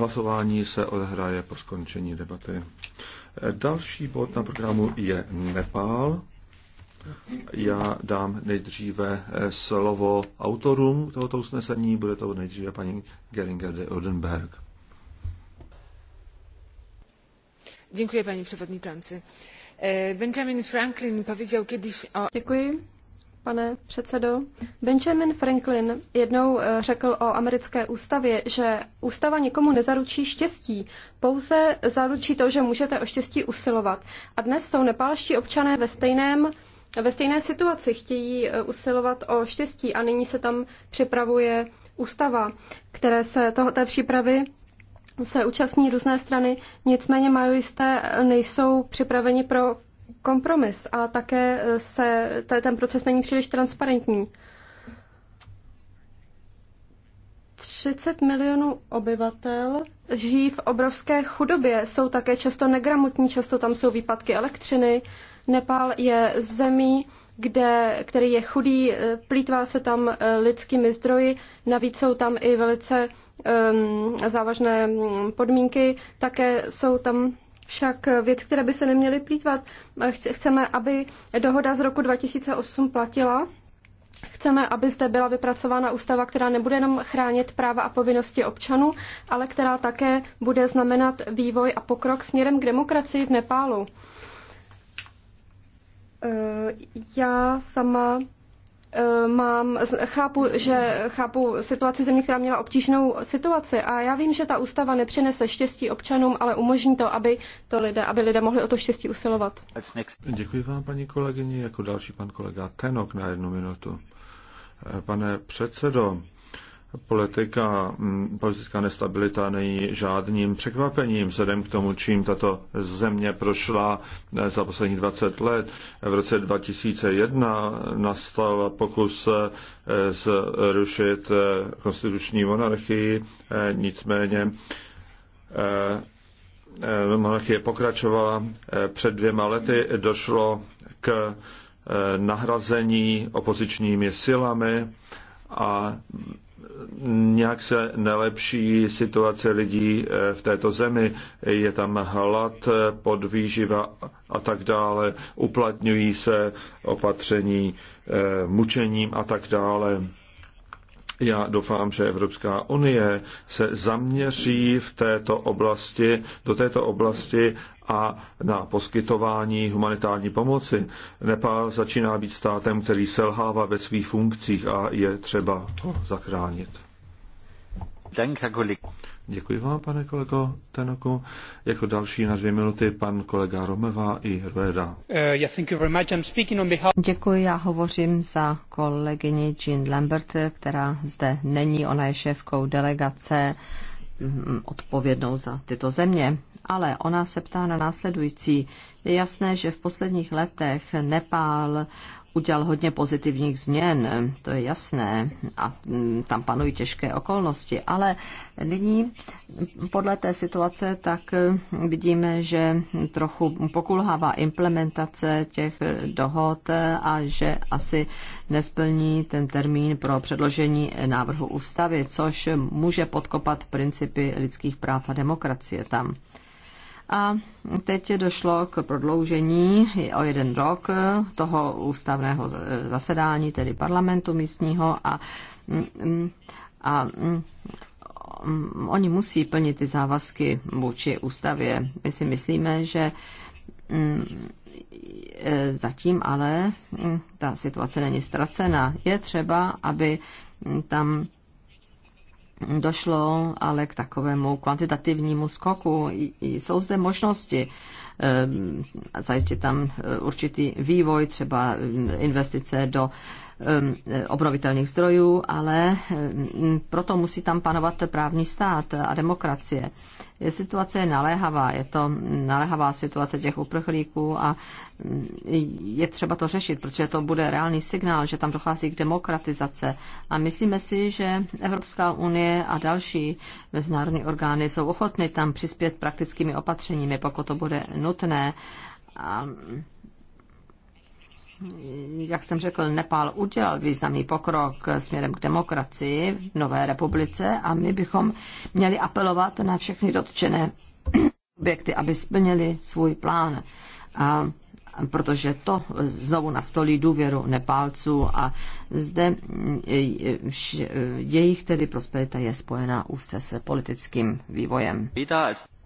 hlasování se odehraje po skončení debaty. Další bod na programu je Nepál. Já dám nejdříve slovo autorům tohoto usnesení. Bude to nejdříve paní Geringer de Odenberg. Děkuji, paní předsedající. Eh, Benjamin Franklin pověděl když o... Děkuji, pane předsedo. Benjamin Franklin jednou eh, řekl o americké ústavě, že ústava nikomu nezaručí štěstí, pouze zaručí to, že můžete o štěstí usilovat. A dnes jsou nepálští občané ve stejném ve stejné situaci chtějí eh, usilovat o štěstí a nyní se tam připravuje ústava, které se toho, té přípravy se účastní různé strany, nicméně majoisté eh, nejsou připraveni pro kompromis a také eh, se, ten proces není příliš transparentní. 30 milionů obyvatel žijí v obrovské chudobě, jsou také často negramotní, často tam jsou výpadky elektřiny. Nepál je zemí, kde, který je chudý, eh, plítvá se tam eh, lidskými zdroji, navíc jsou tam i velice um, závažné mm, podmínky, také jsou tam však věc, které by se neměly plítvat. Chceme, aby dohoda z roku 2008 platila, Chceme, aby zde byla vypracována ústava, která nebude jenom chránit práva a povinnosti občanů, ale která také bude znamenat vývoj a pokrok směrem k demokracii v Nepálu. E, já sama Eh, mám, chápu, že chápu situaci země, která měla obtížnou situaci a já vím, že ta ústava nepřinese štěstí občanům, ale umožní to, aby to lidé, aby lidé mohli o to štěstí usilovat. Děkuji vám, paní kolegyně, jako další pan kolega Tenok na jednu minutu. Eh, pane předsedo, politika, mm, politická nestabilita není žádným překvapením vzhledem k tomu, čím tato země prošla eh, za posledních 20 let. V roce 2001 nastal pokus eh, zrušit eh, konstituční monarchii, nicméně monarchie pokračovala. Před dvěma lety došlo k nahrazení opozičními silami a nějak se nelepší situace lidí eh, v této zemi. Je tam hlad, podvýživa a tak dále. Uplatňují se opatření eh, mučením a tak dále. Já doufám, že Evropská unie se zaměří v této oblasti, do této oblasti a na poskytování humanitární pomoci. Nepál začíná být státem, který selhává ve svých funkcích a je třeba ho zachránit. Děkuji vám, pane kolego Tenoku. Jako další na dvě minuty pan kolega Romeva i Hrveda. Uh, Děkuji, já hovořím za kolegyni Jean Lambert, která zde není. Ona je šéfkou delegace mm, odpovědnou za tyto země ale ona se ptá na následující. Je jasné, že v posledních letech Nepál udělal hodně pozitivních změn, to je jasné, a mm, tam panují těžké okolnosti, ale nyní podle té situace tak mm, vidíme, že trochu pokulhává implementace těch dohod a že asi nesplní ten termín pro předložení návrhu ústavy, což může podkopat principy lidských práv a demokracie tam. A teď došlo k prodloužení o jeden rok toho ústavného zasedání, tedy parlamentu místního a, a oni musí plnit ty závazky vůči ústavě. My si myslíme, že zatím ale ta situace není ztracena. Je třeba, aby tam došlo ale k takovému kvantitativnímu skoku. Jsou zde možnosti eh, zajistit tam eh, určitý vývoj, třeba mm, investice do Um, obnovitelných zdrojů, ale um, proto musí tam panovat právní stát a demokracie. Situace je naléhavá, je to naléhavá situace těch uprchlíků a um, je třeba to řešit, protože to bude reálný signál, že tam dochází k demokratizace. A myslíme si, že Evropská unie a další mezinárodní orgány jsou ochotny tam přispět praktickými opatřeními, pokud to bude nutné. A jak jsem řekl, Nepál udělal významný pokrok směrem k demokracii v Nové republice a my bychom měli apelovat na všechny dotčené objekty, aby splnili svůj plán. A protože to znovu nastolí důvěru Nepálců a zde jejich tedy prosperita je spojená úzce se politickým vývojem.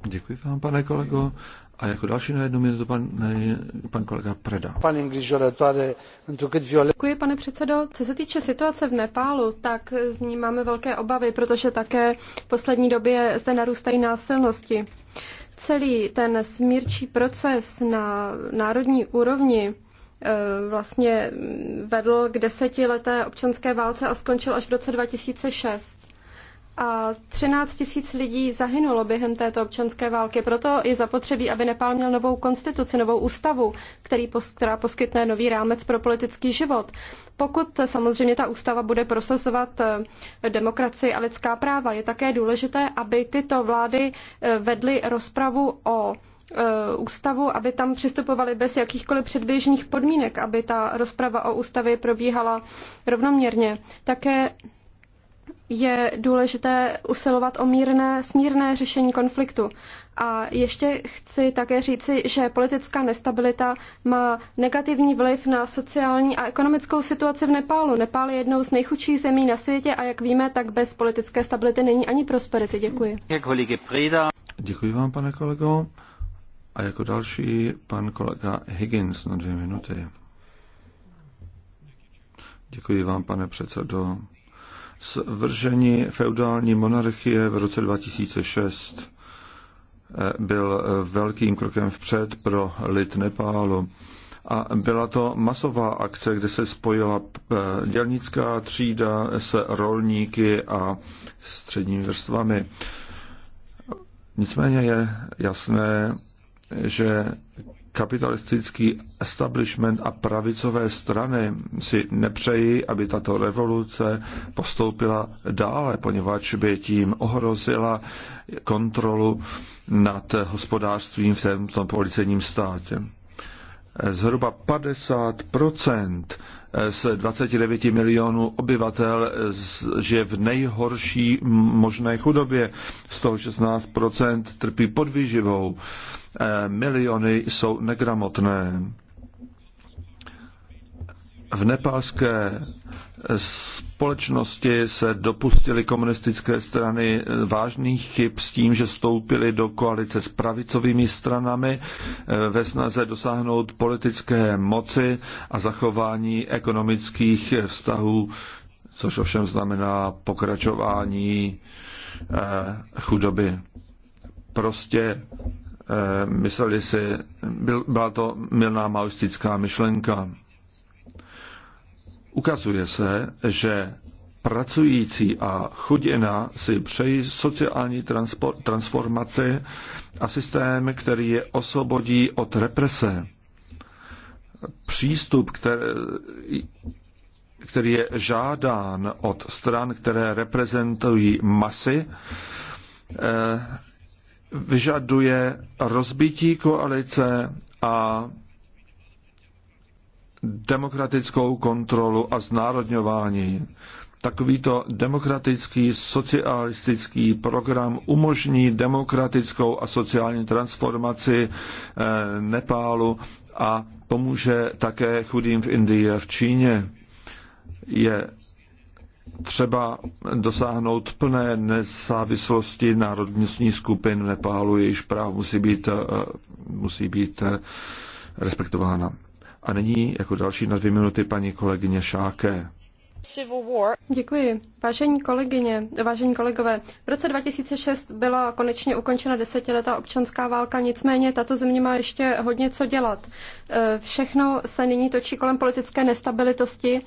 Děkuji vám, pane kolego. A jako další na jednu minutu pan, ne, pan kolega Preda. Děkuji, pane předsedo. Co se týče situace v Nepálu, tak z ní máme velké obavy, protože také v poslední době zde narůstají násilnosti. Celý ten smírčí proces na národní úrovni e, vlastně vedl k desetileté občanské válce a skončil až v roce 2006 a 13 tisíc lidí zahynulo během této občanské války. Proto je zapotřebí, aby Nepál měl novou konstituci, novou ústavu, který, která poskytne nový rámec pro politický život. Pokud samozřejmě ta ústava bude prosazovat eh, demokracii a lidská práva, je také důležité, aby tyto vlády eh, vedly rozpravu o eh, ústavu, aby tam přistupovali bez jakýchkoliv předběžných podmínek, aby ta rozprava o ústavě probíhala rovnoměrně. Také je důležité usilovat o mírné, smírné řešení konfliktu. A ještě chci také říci, že politická nestabilita má negativní vliv na sociální a ekonomickou situaci v Nepálu. Nepál je jednou z nejchudších zemí na světě a jak víme, tak bez politické stability není ani prosperity. Děkuji. Děkuji vám, pane kolego. A jako další pan kolega Higgins na dvě minuty. Děkuji vám, pane předsedo svržení feudální monarchie v roce 2006 eh, byl velkým krokem vpřed pro lid Nepálu. A byla to masová akce, kde se spojila eh, dělnická třída s rolníky a středními vrstvami. Nicméně je jasné, že kapitalistický establishment a pravicové strany si nepřejí, aby tato revoluce postoupila dále, poněvadž by tím ohrozila kontrolu nad hospodářstvím v tomto policejním státě. Zhruba 50 z 29 milionů obyvatel žije v nejhorší možné chudobě. Z toho 16 trpí podvýživou. Eh, miliony jsou negramotné v nepálské společnosti se dopustily komunistické strany vážných chyb s tím, že stoupili do koalice s pravicovými stranami eh, ve snaze dosáhnout politické moci a zachování ekonomických vztahů, což ovšem znamená pokračování eh, chudoby. Prostě eh, mysleli si, byla to milná maoistická myšlenka. Ukazuje se, že pracující a chuděna si přejí sociální transformaci a systém, který je osvobodí od represe. Přístup, který, který je žádán od stran, které reprezentují masy, eh, vyžaduje rozbití koalice a demokratickou kontrolu a znárodňování. Takovýto demokratický socialistický program umožní demokratickou a sociální transformaci eh, Nepálu a pomůže také chudým v Indii a v Číně. Je třeba dosáhnout plné nezávislosti národnostní skupin v Nepálu, jejíž práv musí být, eh, musí být eh, respektována. A nyní jako další na dvě minuty paní kolegyně Šáke. Děkuji. Vážení kolegyně, vážení kolegové, v roce 2006 byla konečně ukončena desetiletá občanská válka, nicméně tato země má ještě hodně co dělat. Eh, všechno se nyní točí kolem politické nestabilitosti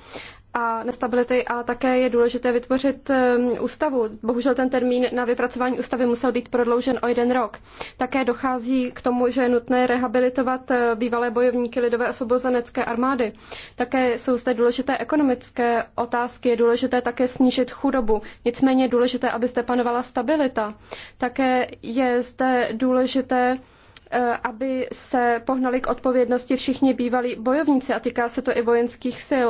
a nestability a také je důležité vytvořit um, ústavu. Bohužel ten termín na vypracování ústavy musel být prodloužen o jeden rok. Také dochází k tomu, že je nutné rehabilitovat uh, bývalé bojovníky lidové osvobozenecké armády. Také jsou zde důležité ekonomické otázky, je důležité také snížit chudobu. Nicméně je důležité, aby zde panovala stabilita. Také je zde důležité Eh, aby se pohnali k odpovědnosti všichni bývalí bojovníci a týká se to i vojenských sil.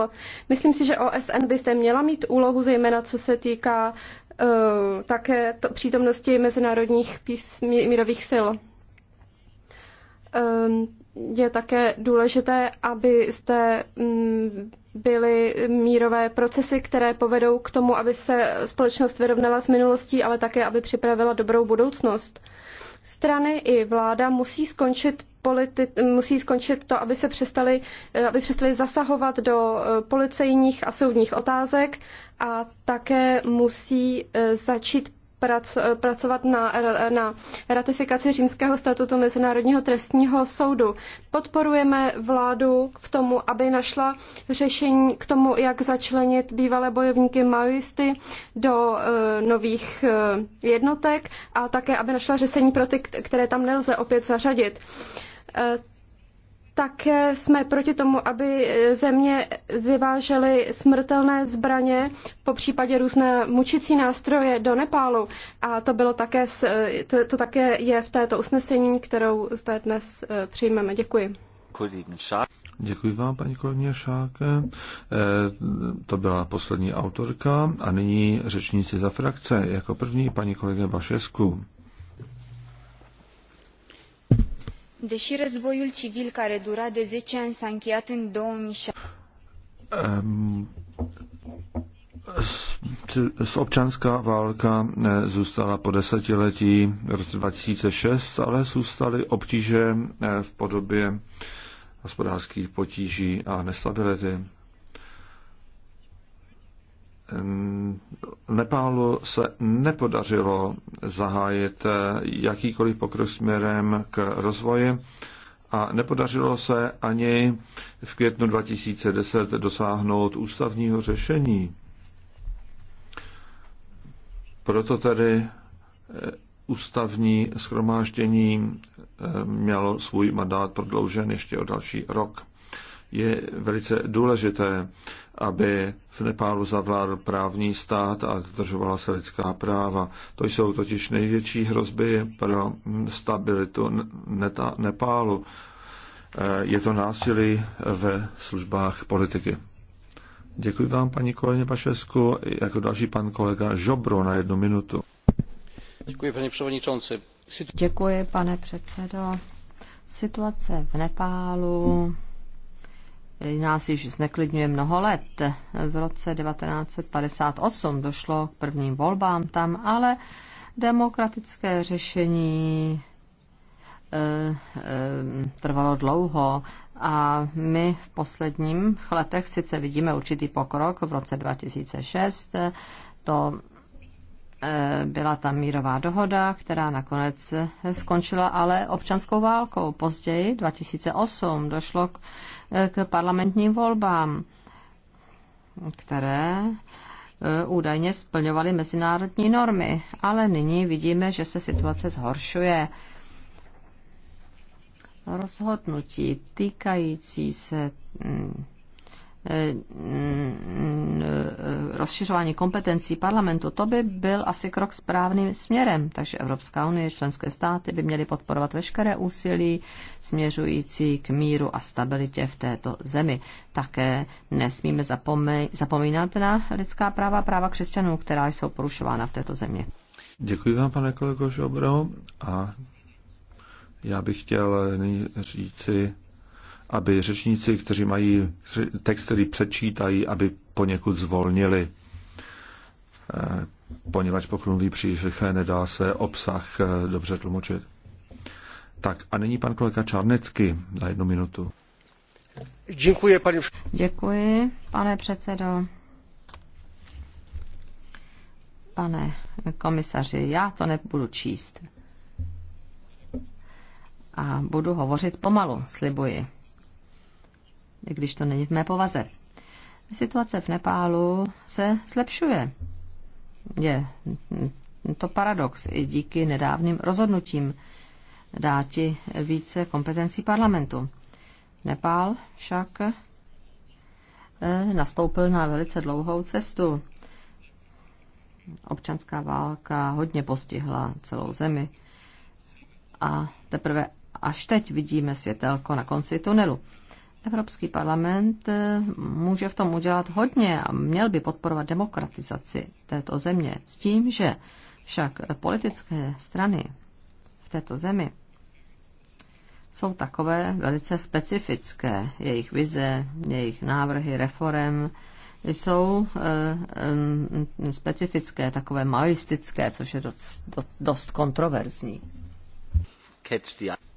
Myslím si, že OSN byste měla mít úlohu, zejména co se týká uh, také to, přítomnosti mezinárodních mírových sil. Um, je také důležité, aby zde um, byly mírové procesy, které povedou k tomu, aby se společnost vyrovnala s minulostí, ale také, aby připravila dobrou budoucnost. Strany i vláda musí skončit politi- musí skončit to, aby se přestali, eh, aby přestali zasahovat do eh, policejních a soudních otázek a také musí eh, začít Eh, pracovat na, eh, na ratifikaci římského statutu Mezinárodního trestního soudu. Podporujeme vládu k tomu, aby našla řešení k tomu, jak začlenit bývalé bojovníky maoisty do uh, nových uh, jednotek a také, aby našla řešení pro ty, které tam nelze opět zařadit. Uh, tak jsme proti tomu, aby země vyvážely smrtelné zbraně, po případě různé mučicí nástroje do Nepálu. A to, bylo také, to, to také je v této usnesení, kterou zde dnes eh, přijmeme. Děkuji. Děkuji vám, paní kolegyně Šáke. Eh, to byla poslední autorka a nyní řečníci za frakce. Jako první paní kolegyně Bašesku. Deși războiul civil care dura de 10 ani s-a încheiat în 2007, um, občanská válka eh, zůstala po desetiletí v roce 2006, ale zůstaly obtíže eh, v podobě hospodářských potíží a nestability. Nepálu se nepodařilo zahájit jakýkoliv pokrok směrem k rozvoji a nepodařilo se ani v květnu 2010 dosáhnout ústavního řešení. Proto tedy eh, ústavní schromáždění eh, mělo svůj mandát prodloužen ještě o další rok je velice důležité, aby v Nepálu zavládl právní stát a dodržovala se lidská práva. To jsou totiž největší hrozby pro stabilitu Neta- Nepálu. Eh, je to násilí ve službách politiky. Děkuji vám, paní kolegyně Pašesku. Jako další pan kolega Žobro na jednu minutu. Děkuji, paní předsedající. Děkuji, pane předsedo. Situace v Nepálu nás již zneklidňuje mnoho let. V roce 1958 došlo k prvním volbám tam, ale demokratické řešení eh, eh, trvalo dlouho a my v posledních letech sice vidíme určitý pokrok v roce 2006, to Eh, byla tam mírová dohoda, která nakonec eh, skončila ale občanskou válkou. Později, 2008, došlo k, eh, k parlamentním volbám, které údajně splňovaly mezinárodní normy, ale nyní vidíme, že se situace zhoršuje. Rozhodnutí týkající se mm, rozšiřování kompetencí parlamentu, to by byl asi krok správným směrem. Takže Evropská unie, členské státy by měly podporovat veškeré úsilí směřující k míru a stabilitě v této zemi. Také nesmíme zapomínat na lidská práva, práva křesťanů, která jsou porušována v této země. Děkuji vám, pane kolego Žobro. A já bych chtěl nyní říci, aby řečníci, kteří mají text, který přečítají, aby poněkud zvolnili, eh, poněvadž pokud mluví příliš rychle, nedá se obsah eh, dobře tlumočit. Tak a nyní pan kolega Čarnecky na jednu minutu. Děkuji, paní... Děkuji, pane předsedo. Pane komisaři, já to nebudu číst. A budu hovořit pomalu, slibuji když to není v mé povaze. Situace v Nepálu se zlepšuje. Je to paradox i díky nedávným rozhodnutím dáti více kompetencí parlamentu. Nepál však eh, nastoupil na velice dlouhou cestu. Občanská válka hodně postihla celou zemi a teprve až teď vidíme světelko na konci tunelu. Evropský parlament eh, může v tom udělat hodně a měl by podporovat demokratizaci této země s tím, že však politické strany v této zemi jsou takové velice specifické. Jejich vize, jejich návrhy reform jsou eh, specifické, takové maoistické, což je dost, dost, dost kontroverzní.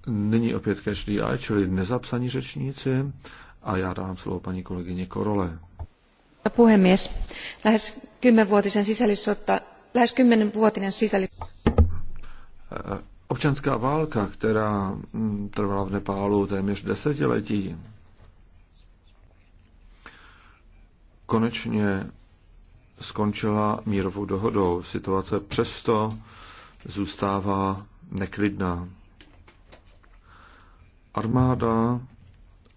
Nyní opět každý a čili nezapsaní řečníci a já dám slovo paní kolegyně Korole. Puhemies, lähes kymmenvuotisen sisällissotta, lähes kymmenenvuotinen Občanská válka, která mm, trvala v Nepálu téměř desetiletí, konečně skončila mírovou dohodou. Situace přesto zůstává neklidná. Armáda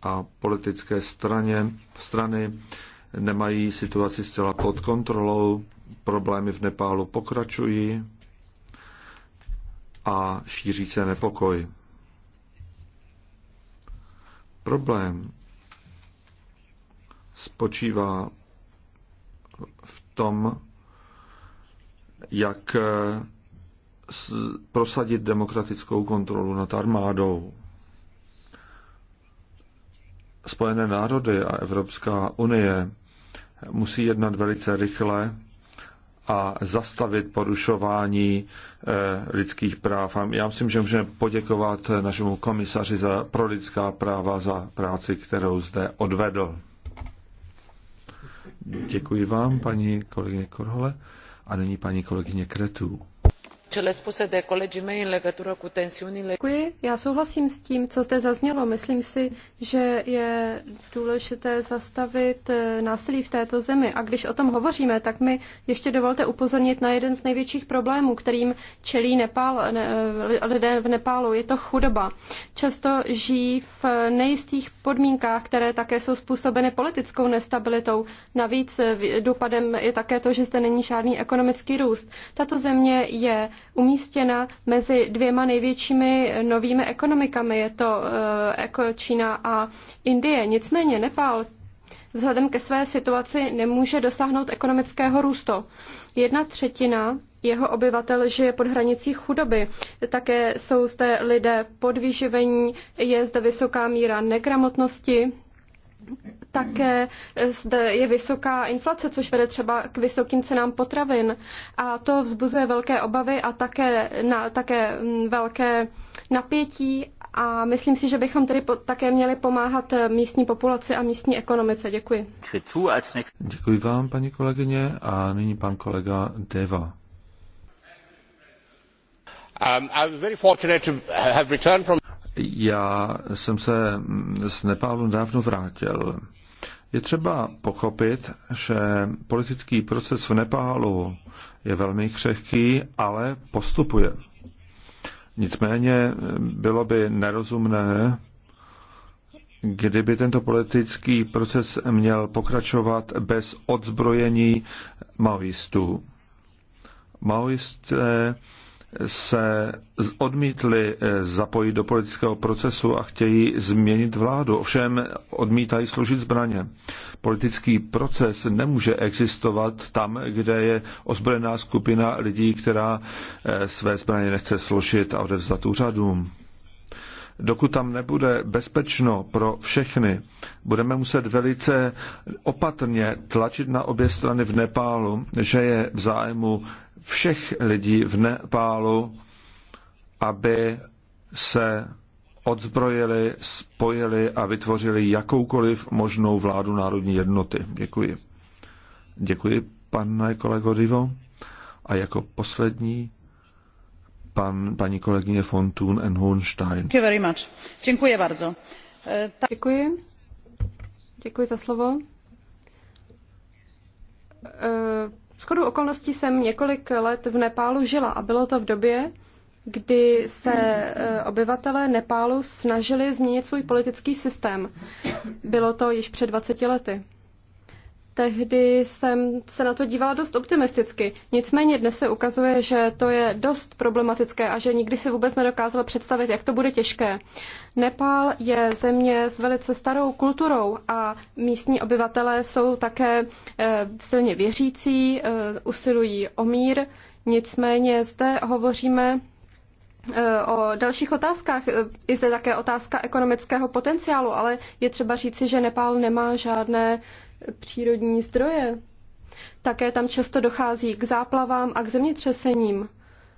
a politické straně, strany nemají situaci zcela pod kontrolou, problémy v Nepálu pokračují a šíří se nepokoj. Problém spočívá v tom, jak prosadit demokratickou kontrolu nad armádou. Spojené národy a Evropská unie musí jednat velice rychle a zastavit porušování eh, lidských práv. A já myslím, že můžeme poděkovat našemu komisaři za, pro lidská práva za práci, kterou zde odvedl. Děkuji vám, paní kolegyně Korhole. A nyní paní kolegyně Kretů cele spuse de colegii mei în legătură cu tensiunile. Děkuji. Já souhlasím s tím, co zde zaznělo. Myslím si, že je důležité zastavit eh, násilí v této zemi. A když o tom hovoříme, tak mi ještě dovolte upozornit na jeden z největších problémů, kterým čelí Nepál, ne, eh, lidé v Nepálu. Je to chudoba. Často žijí v nejistých podmínkách, které také jsou způsobeny politickou nestabilitou. Navíc eh, dopadem je také to, že zde není žádný ekonomický růst. Tato země je umístěna mezi dvěma největšími novými ekonomikami, je to eh, jako Čína a Indie. Nicméně Nepál vzhledem ke své situaci nemůže dosáhnout ekonomického růstu. Jedna třetina jeho obyvatel žije pod hranicí chudoby. Také jsou zde lidé podvýživení, je zde vysoká míra negramotnosti, také eh, zde je vysoká inflace, což vede třeba k vysokým cenám potravin a to vzbuzuje velké obavy a také, na, také mm, velké napětí a myslím si, že bychom tedy po, také měli pomáhat eh, místní populaci a místní ekonomice. Děkuji. Děkuji vám, paní kolegyně, a nyní pan kolega Deva. Um, I was very fortunate to have returned from já jsem se z Nepálu dávno vrátil. Je třeba pochopit, že politický proces v Nepálu je velmi křehký, ale postupuje. Nicméně bylo by nerozumné, kdyby tento politický proces měl pokračovat bez odzbrojení maoistů. Maoisté se odmítli eh, zapojit do politického procesu a chtějí změnit vládu. Ovšem odmítají složit zbraně. Politický proces nemůže existovat tam, kde je ozbrojená skupina lidí, která eh, své zbraně nechce složit a odevzdat úřadům. Dokud tam nebude bezpečno pro všechny, budeme muset velice opatrně tlačit na obě strany v Nepálu, že je v zájmu všech lidí v Nepálu, aby se odzbrojili, spojili a vytvořili jakoukoliv možnou vládu národní jednoty. Děkuji. Děkuji, pane kolego Rivo. A jako poslední pan, paní kolegyně Fontun and Hohenstein. Děkuji bardzo. E, Děkuji. Děkuji za slovo e, Skoro okolností jsem několik let v Nepálu žila a bylo to v době, kdy se e, obyvatelé Nepálu snažili změnit svůj politický systém. Bylo to již před 20 lety. Tehdy jsem se na to dívala dost optimisticky. Nicméně dnes se ukazuje, že to je dost problematické a že nikdy si vůbec nedokázala představit, jak to bude těžké. Nepál je země s velice starou kulturou a místní obyvatelé jsou také eh, silně věřící, eh, usilují o mír. Nicméně zde hovoříme eh, o dalších otázkách. Je zde také otázka ekonomického potenciálu, ale je třeba říci, že Nepál nemá žádné přírodní zdroje. Také tam často dochází k záplavám a k zemětřesením.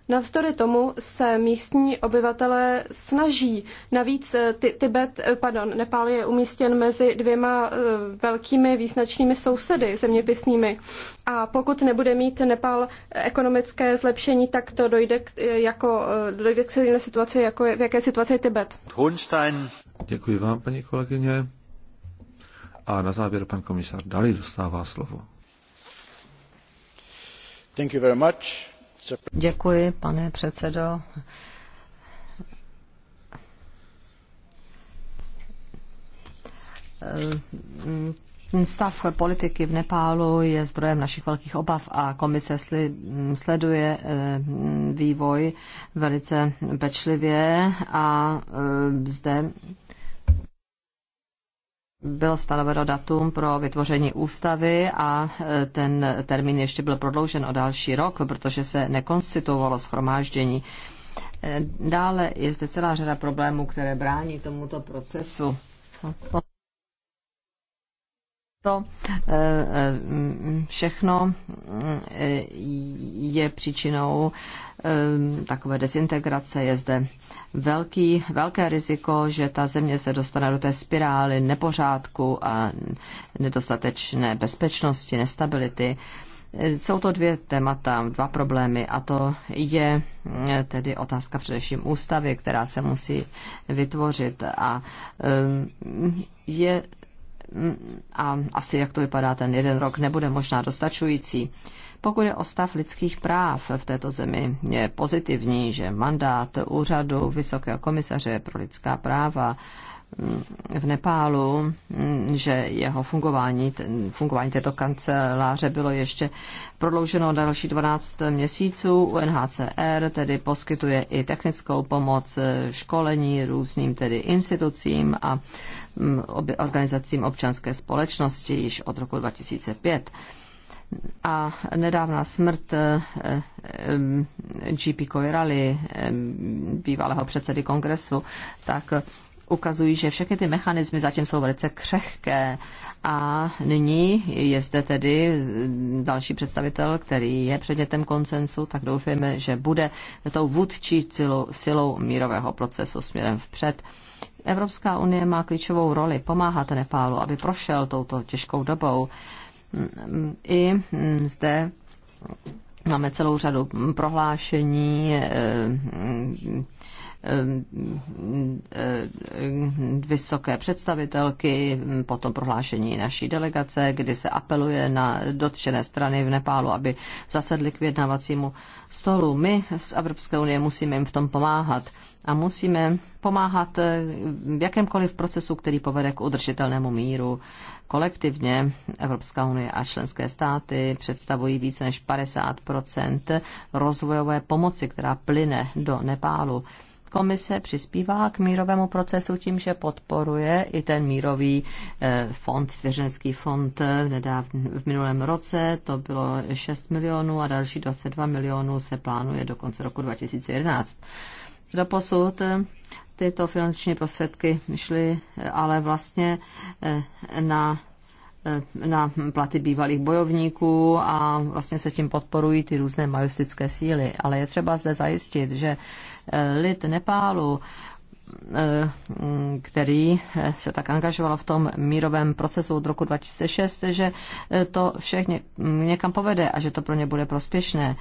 Navzdory tomu se místní obyvatelé snaží. Navíc eh, ty, Tibet, eh, pardon, Nepál je umístěn mezi dvěma eh, velkými význačnými sousedy zeměpisnými. A pokud nebude mít Nepál ekonomické zlepšení, tak to dojde k, jako, dojde k situaci, jako v jaké situaci je Tibet. Hohenstein. Děkuji vám, paní kolegyně. A na závěr pan komisár Dali dostává slovo. Thank you very much. Děkuji, pane předsedo. Eh, stav politiky v Nepálu je zdrojem našich velkých obav a komise sleduje eh, vývoj velice pečlivě a eh, zde bylo stanoveno datum pro vytvoření ústavy a e, ten termín ještě byl prodloužen o další rok, protože se nekonstituovalo schromáždění. E, dále je zde celá řada problémů, které brání tomuto procesu. To e, všechno je příčinou Ehm, takové dezintegrace, je zde velký, velké riziko, že ta země se dostane do té spirály nepořádku a nedostatečné bezpečnosti, nestability. Ehm, jsou to dvě témata, dva problémy a to je ehm, tedy otázka především ústavy, která se musí vytvořit a je a asi jak to vypadá ten jeden rok nebude možná dostačující. Pokud je o stav lidských práv v této zemi, je pozitivní, že mandát úřadu Vysokého komisaře pro lidská práva mm, v Nepálu, mm, že jeho fungování, fungování této kanceláře bylo ještě prodlouženo další 12 měsíců. UNHCR tedy poskytuje i technickou pomoc školení různým tedy institucím a mm, organizacím občanské společnosti již od roku 2005 a nedávná smrt eh, eh, GP Koirali, eh, bývalého předsedy kongresu, tak ukazují, že všechny ty mechanismy zatím jsou velice křehké. A nyní je zde tedy další představitel, který je předmětem koncensu, tak doufejme, že bude tou vůdčí silou, silou mírového procesu směrem vpřed. Evropská unie má klíčovou roli pomáhat Nepálu, aby prošel touto těžkou dobou. I zde máme celou řadu prohlášení, eh, Ehm, ehm, vysoké představitelky, potom prohlášení naší delegace, kdy se apeluje na dotčené strany v Nepálu, aby zasedli k vyjednávacímu stolu. My z Evropské unie musíme jim v tom pomáhat a musíme pomáhat eh, v jakémkoliv procesu, který povede k udržitelnému míru. Kolektivně Evropská unie a členské státy představují více než 50 rozvojové pomoci, která plyne do Nepálu komise přispívá k mírovému procesu tím, že podporuje i ten mírový eh, fond, svěřenecký fond eh, nedávno v minulém roce, to bylo 6 milionů a další 22 milionů se plánuje do konce roku 2011. posud eh, tyto finanční prostředky šly ale vlastně na Eh, na platy bývalých bojovníků a vlastně se tím podporují ty různé majestické síly. Ale je třeba zde zajistit, že eh, lid Nepálu eh, který se tak angažoval v tom mírovém procesu od roku 2006, že to všechny mm, někam povede a že to pro ně bude prospěšné.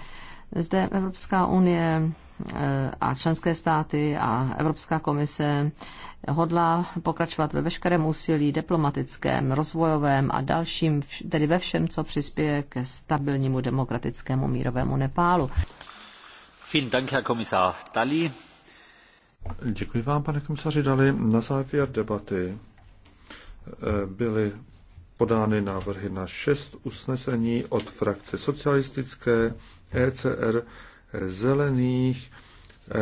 Zde Evropská unie eh, a členské státy a Evropská komise hodlá pokračovat ve veškerém úsilí diplomatickém, rozvojovém a dalším, tedy ve všem, co přispěje ke stabilnímu demokratickému mírovému Nepálu. Vielen Dank, Herr Kommissar Dali. Děkuji vám, pane komisaři Dali. Na závěr debaty eh, byly podány návrhy na šest usnesení od frakce socialistické, ECR, zelených, eh,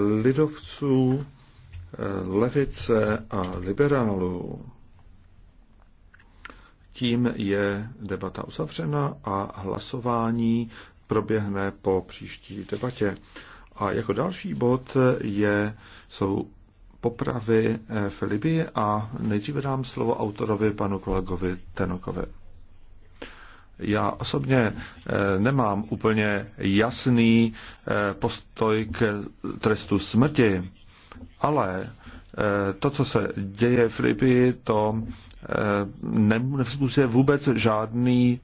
lidovců, eh, levice a liberálů. Tím je debata uzavřena a hlasování proběhne po příští debatě. A jako další bod je, jsou popravy eh, v Libii a nejdříve dám slovo autorovi panu kolegovi Tenokovi. Já osobně eh, nemám úplně jasný eh, postoj k trestu smrti, ale to, co se děje v Libii, to nevzbuzuje vůbec žádný